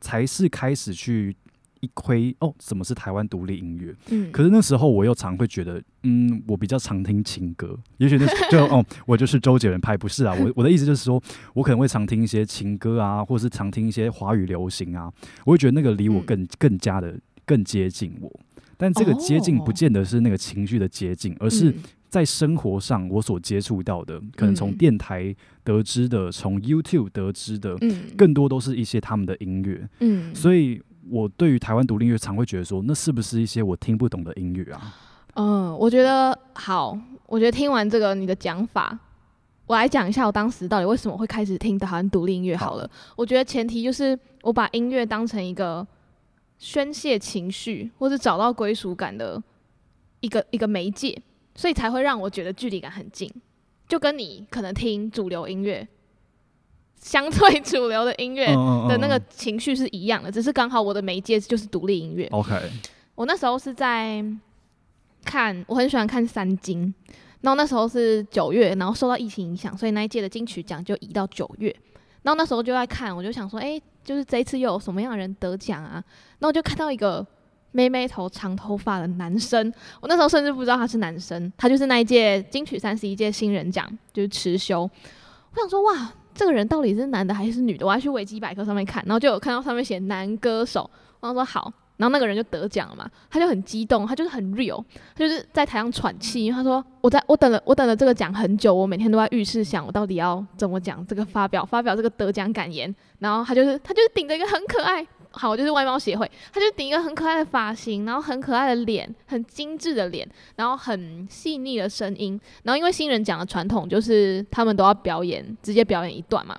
才是開始去。一窺哦，什麼是台灣獨立音樂？嗯、可是那時候我又常會覺得，嗯，我比較常聽情歌，也許那時候就 哦，我就是周杰倫派，不是啊。我我的意思就是說，我可能會常聽一些情歌啊，或是常聽一些華語流行啊，我會覺得那個離我更、嗯、更加的更接近我。但這個接近，不見得是那個情緒的接近，而是在生活上我所接觸到的，可能從電台得知的，從 YouTube 得知的，嗯、更多都是一些他們的音樂，嗯，所以。我對於台灣獨立音樂，常會覺得說，那是不是一些我聽不懂的音樂啊？嗯，我覺得好，我覺得聽完這個你的講法，我來講一下我當時到底為什麼會開始聽台灣獨立音樂。好了，好，我覺得前提就是我把音樂當成一個宣洩情緒或是找到歸屬感的一個一個媒介，所以才會讓我覺得距離感很近，就跟你可能聽主流音樂，相對主流的音樂的那個情緒是一樣的，uh, uh. 只是剛好我的媒介就是獨立音樂。OK，我那時候是在看，我很喜歡看三金，然後那時候是九月，然後受到疫情影響，所以那一屆的金曲獎就移到九月。然後那時候就在看，我就想說，哎、欸，就是這一次又有什麼樣的人得獎啊？然後我就看到一個妹妹頭、長頭髮的男生，我那時候甚至不知道他是男生，他就是那一屆金曲三十一屆新人獎，就是持修。我想說，哇！這個人到底是男的還是女的？我還去維基百科上面看，然後就有看到上面寫男歌手。然後說好，然後那個人就得獎了嘛，他就很激動，他就是很 real，他就是在台上喘氣，因為他說我在我等了我等了這個獎很久，我每天都在浴室想我到底要怎麼講這個發表發表這個得獎感言，然後他就是他就是頂着一個很可愛。好，我就是外貌協會。他就頂一個很可愛的髮型，然後很可愛的臉，很精緻的臉，然後很細膩的聲音。然後因為新人講的傳統就是他們都要表演，直接表演一段嘛。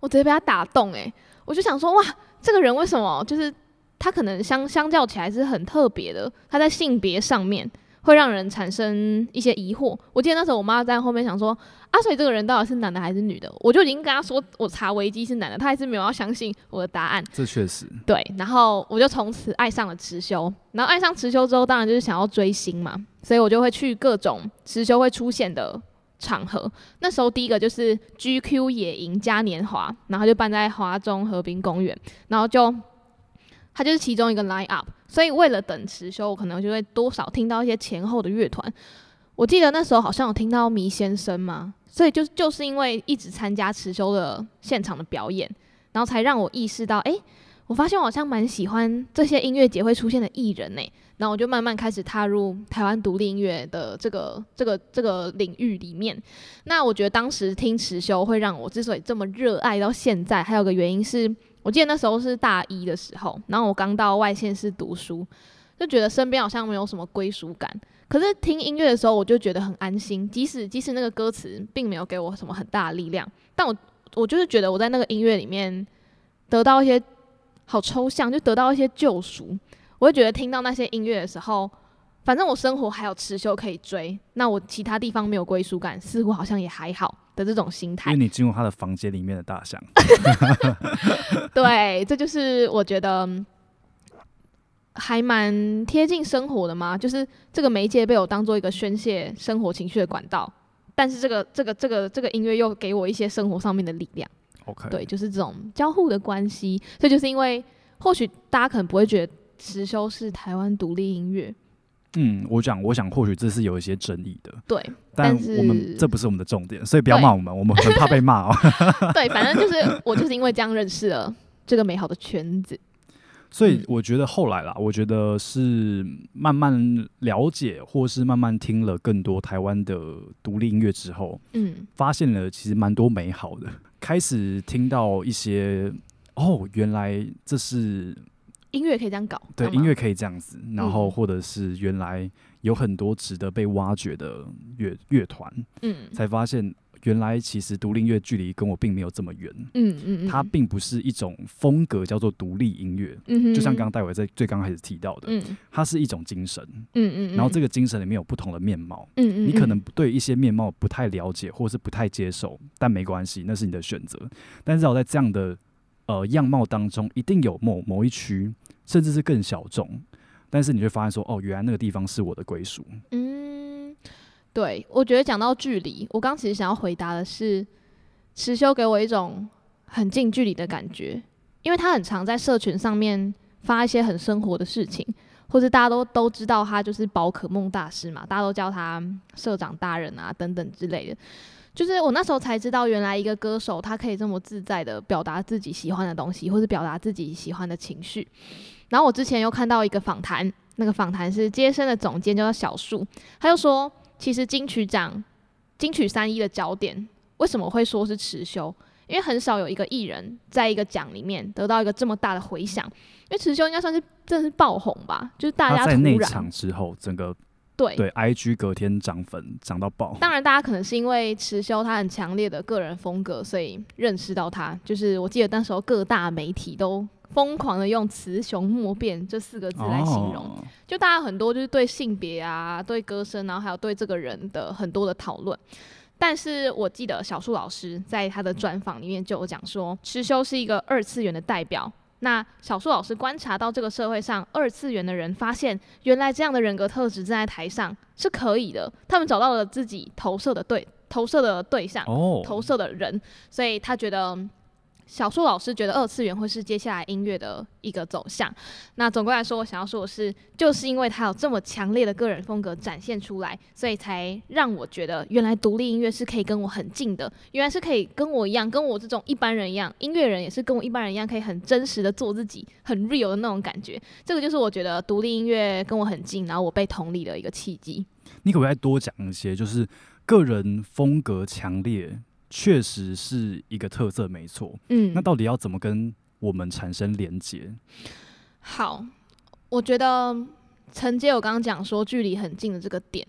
我直接被他打動誒、欸，我就想說哇，這個人為什麼就是他可能相相較起來是很特別的，他在性別上面，會讓人產生一些疑惑。我記得那時候我媽在後面想說：“阿水這個人到底是男的還是女的？”我就已經跟她說：“我查維基是男的。”她還是沒有要相信我的答案。這確實對。然後我就從此愛上了持修。然後愛上持修之後，當然就是想要追星嘛，所以我就會去各種持修會出現的場合。那時候第一個就是 GQ 野營嘉年華，然後就辦在華中河濱公園，然後就他就是其中一個 line up。所以為了等持修，我可能就會多少聽到一些前後的樂團。我記得那時候好像有聽到迷先生嘛，所以就就是因為一直參加持修的現場的表演，然後才讓我意識到，哎、欸，我發現我好像蠻喜歡這些音樂節會出現的藝人呢、欸。然後我就慢慢開始踏入台灣獨立音樂的這個、這個、這個領域裡面。那我覺得當時聽持修會讓我之所以這麼熱愛到現在，還有一個原因是。我記得那時候是大一的時候，然後我剛到外縣市讀書，就覺得身邊好像沒有什麼歸屬感。可是聽音樂的時候，我就覺得很安心，即使即使那個歌詞並沒有給我什麼很大的力量，但我我就是覺得我在那個音樂裡面得到一些好抽象，就得到一些救贖。我就覺得聽到那些音樂的時候。反正我生活還有持修可以追，那我其他地方沒有歸屬感，似乎好像也還好的這種心態。因為你進入他的房間裡面的大象。 對，這就是我覺得還蠻貼近生活的嘛，就是這個媒介被我當做一個宣洩生活情緒的管道，但是這個這個這個這個音樂又給我一些生活上面的力量。OK，對，就是這種交互的關係。所以就是因為，或許大家可能不會覺得持修是台灣獨立音樂。嗯，我講，我想，或許這是有一些爭議的。對，但，但是我們這不是我們的重點，所以不要罵我們，對我們很怕被罵哦。 對，反正就是我就是因為這樣認識了這個美好的圈子。所以我覺得後來啦，嗯，我覺得是慢慢了解，或是慢慢聽了更多台灣的獨立音樂之後，嗯，發現了其實蠻多美好的，開始聽到一些哦，原來這是。音樂可以這樣搞，對，嗎音樂可以這樣子，然後或者是原來有很多值得被挖掘的樂樂團，嗯，才發現原來其實獨立音樂距離跟我並沒有這麼遠。嗯，嗯，嗯，它並不是一種風格，叫做獨立音樂，嗯，就像剛剛戴維在最剛開始提到的，嗯，它是一種精神，嗯，然後這個精神裡面有不同的面貌，嗯，嗯，你可能對一些面貌不太了解，或者是不太接受，嗯，嗯，但沒關係，那是你的選擇，但是我在這樣的。呃，樣貌當中一定有某某一區，甚至是更小眾，但是你會發現說，哦，原來那個地方是我的歸屬。嗯，對，我覺得講到距離，我剛其實想要回答的是，持修給我一種很近距離的感覺，因為他很常在社群上面發一些很生活的事情，或是大家都都知道他就是寶可夢大師嘛，大家都叫他社長大人啊等等之類的。就是我那時候才知道，原來一個歌手他可以這麼自在的表達自己喜歡的東西，或者表達自己喜歡的情緒。然後我之前又看到一個訪談，那個訪談是《街聲》的總監，叫小樹，他就說，其實金曲獎金曲三一的焦點為什麼會說是持修？因為很少有一個藝人在一個獎裡面得到一個這麼大的回響，因為持修應該算是真的是爆紅吧，就是大家在內場之後，整個。對對，IG 隔天漲粉漲到爆。當然，大家可能是因為持修他很強烈的個人風格，所以認識到他。就是我記得那時候各大媒體都瘋狂的用“雌雄莫辨”這四個字來形容，哦、就大家很多就是對性別啊、對歌聲、啊，然後還有對這個人的很多的討論。但是我記得小樹老師在他的專訪裡面就有講說，持、嗯、修是一個二次元的代表。那小樹老師觀察到這個社會上二次元的人，發現原來這樣的人格特質站在台上是可以的。他們找到了自己投射的對，投射的對象，Oh. 投射的人，所以他覺得。小樹老師覺得二次元會是接下來音樂的一個走向。那總歸來說，我想要說的是，就是因為他有這麼強烈的個人風格展現出來，所以才讓我覺得，原來獨立音樂是可以跟我很近的，原來是可以跟我一樣，跟我這種一般人一樣，音樂人也是跟我一般人一樣，可以很真實的做自己，很 real 的那種感覺。這個就是我覺得獨立音樂跟我很近，然後我被同理的一個契機。你可不可以再多講一些？就是個人風格強烈。確實是一個特色，沒錯。嗯，那到底要怎麼跟我們產生連接？好，我覺得承接我剛剛講說距離很近的這個點，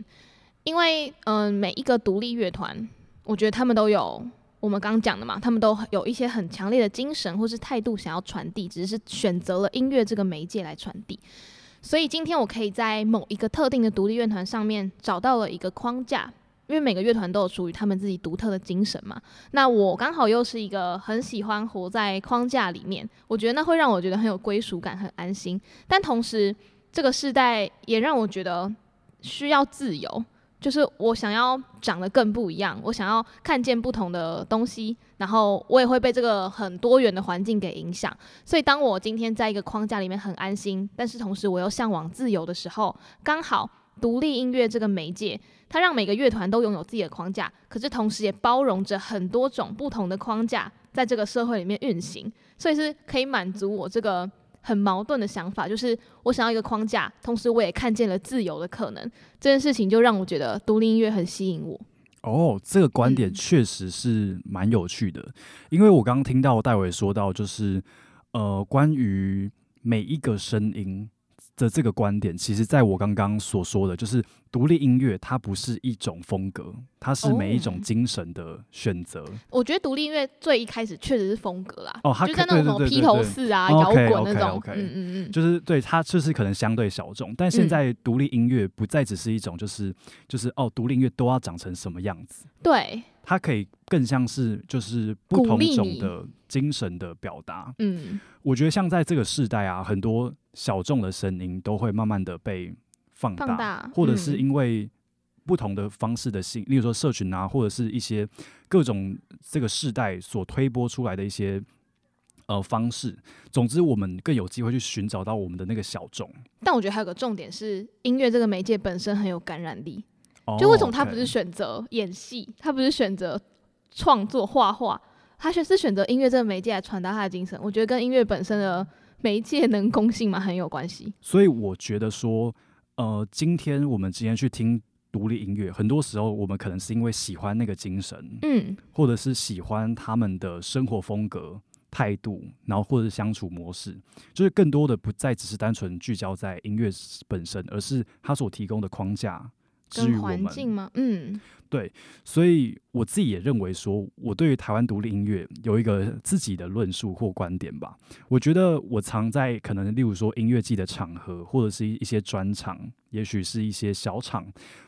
因為嗯、呃，每一個獨立樂團，我覺得他們都有我們剛剛講的嘛，他們都有一些很強烈的精神或是態度想要傳遞，只是選擇了音樂這個媒介來傳遞。所以今天我可以在某一個特定的獨立樂團上面找到了一個框架。因為每個樂團都有屬於他們自己獨特的精神嘛，那我剛好又是一個很喜歡活在框架裡面，我覺得那會讓我覺得很有歸屬感，很安心。但同時，這個世代也讓我覺得需要自由，就是我想要長得更不一樣，我想要看見不同的東西，然後我也會被這個很多元的環境給影響。所以，當我今天在一個框架裡面很安心，但是同時我又嚮往自由的時候，剛好。獨立音樂這個媒介，它讓每個樂團都擁有自己的框架，可是同時也包容着很多種不同的框架在這個社會裡面運行，所以是可以滿足我這個很矛盾的想法，就是我想要一個框架，同時我也看見了自由的可能。這件事情就讓我覺得獨立音樂很吸引我。哦，這個觀點確實是蠻有趣的，嗯、因為我剛剛聽到戴維說到，就是呃，關於每一個聲音。的這個觀點，其實在我剛剛所說的就是，獨立音樂它不是一種風格，它是每一種精神的選擇。哦。我覺得獨立音樂最一開始確實是風格啦，哦，就在那種什麼披頭士啊、搖滾那種，嗯、okay, okay, okay, 嗯嗯，就是對它確實可能相對小眾，但現在獨立音樂不再只是一種，就是、嗯、就是哦，獨立音樂都要長成什麼樣子？對。它可以更像是就是不同種的精神的表達，嗯，我覺得像在這個世代啊，很多小眾的聲音都會慢慢的被放大，放大，嗯，或者是因為不同的方式的性，例如說社群啊，或者是一些各種這個時代所推播出來的一些呃方式。總之，我們更有機會去尋找到我們的那個小眾。但我覺得還有個重點是，音樂這個媒介本身很有感染力。就為什麼他不是選擇演戲，oh, okay 他不是選擇創作畫畫，他選是選擇音樂這個媒介來傳達他的精神。我覺得跟音樂本身的媒介能共性嘛很有關係。所以我覺得說，呃，今天我們今天去聽獨立音樂，很多時候我們可能是因為喜歡那個精神，嗯，或者是喜歡他們的生活風格、態度，然後或者是相處模式，就是更多的不再只是單純聚焦在音樂本身，而是他所提供的框架。治跟環境嗎？嗯，對，所以我自己也認為說，我對於台灣獨立音樂有一個自己的論述或觀點吧。我覺得我常在可能，例如說音樂祭的場合，或者是一一些專場，也許是一些小場，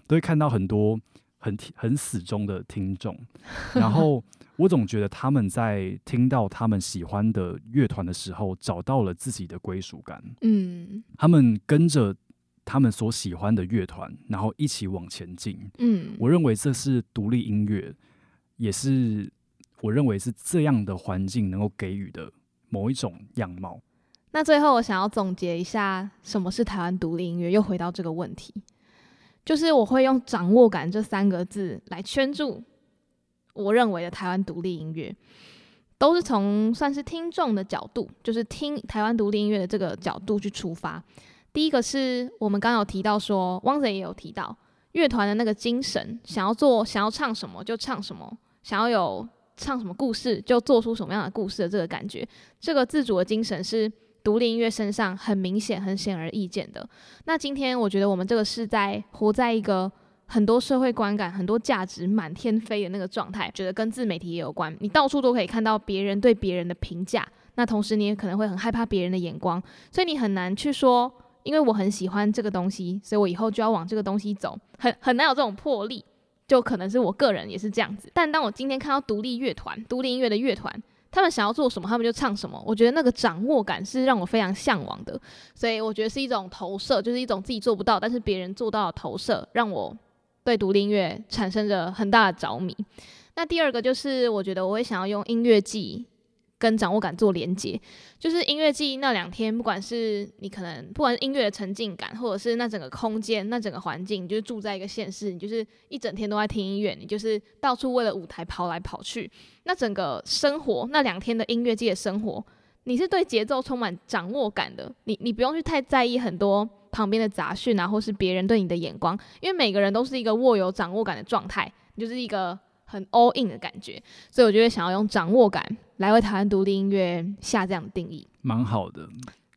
都會看到很多很很死忠的聽眾。 然後我總覺得他們在聽到他們喜歡的樂團的時候，找到了自己的歸屬感。嗯，他們跟着。他們所喜歡的樂團，然後一起往前進。嗯，我認為這是獨立音樂，也是我認為是這樣的環境能夠給予的某一種樣貌。那最後我想要總結一下，什麼是台灣獨立音樂？又回到這個問題，就是我會用“掌握感”這三個字來圈住我認為的台灣獨立音樂，都是從算是聽眾的角度，就是聽台灣獨立音樂的這個角度去出發。第一個是我們剛剛有提到說，汪澤也有提到樂團的那個精神，想要做想要唱什麼就唱什麼，想要有唱什麼故事就做出什麼樣的故事的這個感覺，這個自主的精神是獨立音樂身上很明顯、很顯而易見的。那今天我覺得我們這個世代活在一個很多社會觀感、很多價值滿天飛的那個狀態，覺得跟自媒體也有關，你到處都可以看到別人對別人的評價，那同時你也可能會很害怕別人的眼光，所以你很難去說。因為我很喜歡這個東西，所以我以後就要往這個東西走。很很難有這種魄力，就可能是我個人也是這樣子。但當我今天看到獨立樂團、獨立音樂的樂團，他們想要做什麼，他們就唱什麼。我覺得那個掌握感是讓我非常向往的，所以我覺得是一種投射，就是一種自己做不到，但是別人做到的投射，讓我對獨立音樂產生着很大的着迷。那第二個就是，我覺得我會想要用音樂記。跟掌握感做連接，就是音樂季那兩天，不管是你可能，不管是音樂的沉浸感，或者是那整個空間、那整個環境，你就是住在一個現實，你就是一整天都在聽音樂，你就是到處為了舞台跑來跑去。那整個生活，那兩天的音樂季的生活，你是對節奏充滿掌握感的。你你不用去太在意很多旁邊的雜訊啊，或是別人對你的眼光，因為每個人都是一個握有掌握感的狀態，你就是一個很 all in 的感覺。所以，我就會想要用掌握感，來為台灣獨立音樂下這樣的定義，蠻好的。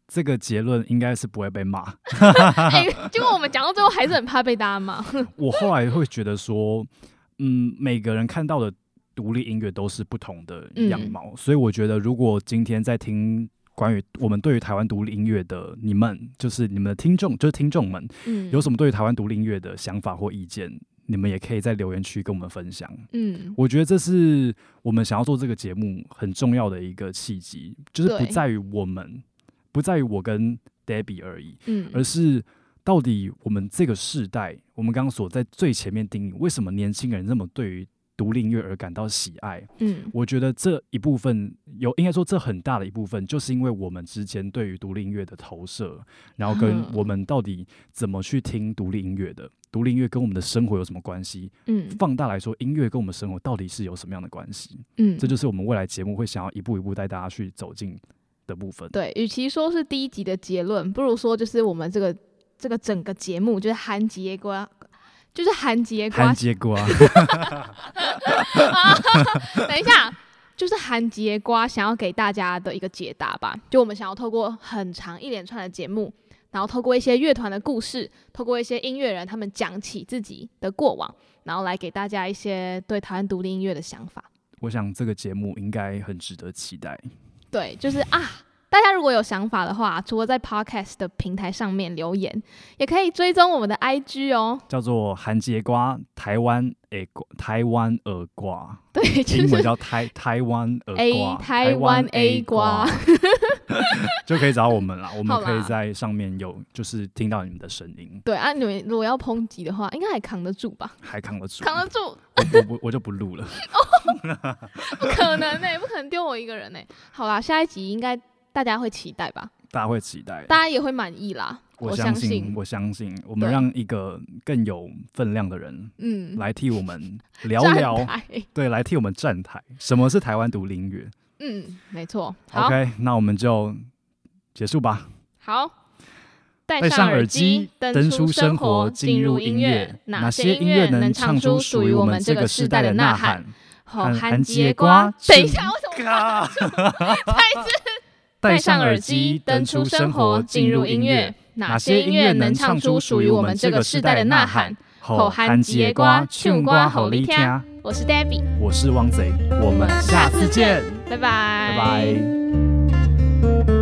這個結論應該是不會被罵。結果我們講到最後，還是很怕被大家罵。 我後來會覺得說，嗯，每個人看到的獨立音樂都是不同的樣貌，嗯、所以我覺得如果今天在聽關於我們對於台灣獨立音樂的，你們就是你們的聽眾，就是聽眾們，嗯，有什麼對於台灣獨立音樂的想法或意見？你們也可以在留言區跟我們分享，嗯，我覺得這是我們想要做這個節目很重要的一個契機，就是不在於我們，對不在於我跟 Debbie 而已，嗯，而是到底我們這個世代，我們剛剛所在最前面定義，為什麼年輕人那麼對於？獨立音樂而感到喜愛，嗯，我覺得這一部分有，應該說這很大的一部分，就是因為我們之間對於獨立音樂的投射，然後跟我們到底怎麼去聽獨立音樂的，獨立音樂跟我們的生活有什麼關係？嗯，放大來說，音樂跟我們生活到底是有什麼樣的關係？嗯，這就是我們未來節目會想要一步一步帶大家去走進的部分。嗯、對，與其說是第一集的結論，不如說就是我們這個這個整個節目就是憨吉 ㄟ 呱。就是憨吉 ㄟ 呱。等一下，就是憨吉 ㄟ 呱想要給大家的一個解答吧。就我們想要透過很長一連串的節目，然後透過一些樂團的故事，透過一些音樂人他們講起自己的過往，然後來給大家一些對台灣獨立音樂的想法。我想這個節目應該很值得期待。對，就是啊。 大家如果有想法的話，除了在 Podcast 的平台上面留言，也可以追蹤我們的 IG 哦，叫做憨吉 ㄟ 呱台灣 ㄟ 台灣 ㄟ 呱，對，英文叫 Tai 台灣 ㄟ 呱，台灣 ㄟ 呱，就可以找我們啦。我們可以在上面有，就是聽到你們的聲音。對啊，你們如果要抨擊的話，應該還扛得住吧？還扛得住？扛得住？我就不錄了。不可能呢，不可能丟我一個人呢。好啦，下一集應該。大家會期待吧？大家會期待，大家也會滿意啦。我相信，我相信，我們讓一個更有分量的人，嗯，來替我們聊聊，對，來替我們站台。什麼是台灣獨立音樂？嗯，沒錯。OK，那我們就結束吧。好，戴上耳機，登出生活，進入音樂。哪些音樂能唱出屬於我們這個時代的吶喊？好，憨吉 ㄟ 呱。等一下，我怎麼？哈，哈，戴上耳機，登出生活，進入音樂。哪些音樂能唱出屬於我們這個世代的吶喊？吼憨吉 ㄟ 呱，唱呱吼哩聽。我是 Debbie，我是汪賊，我們下次見，拜拜，拜拜。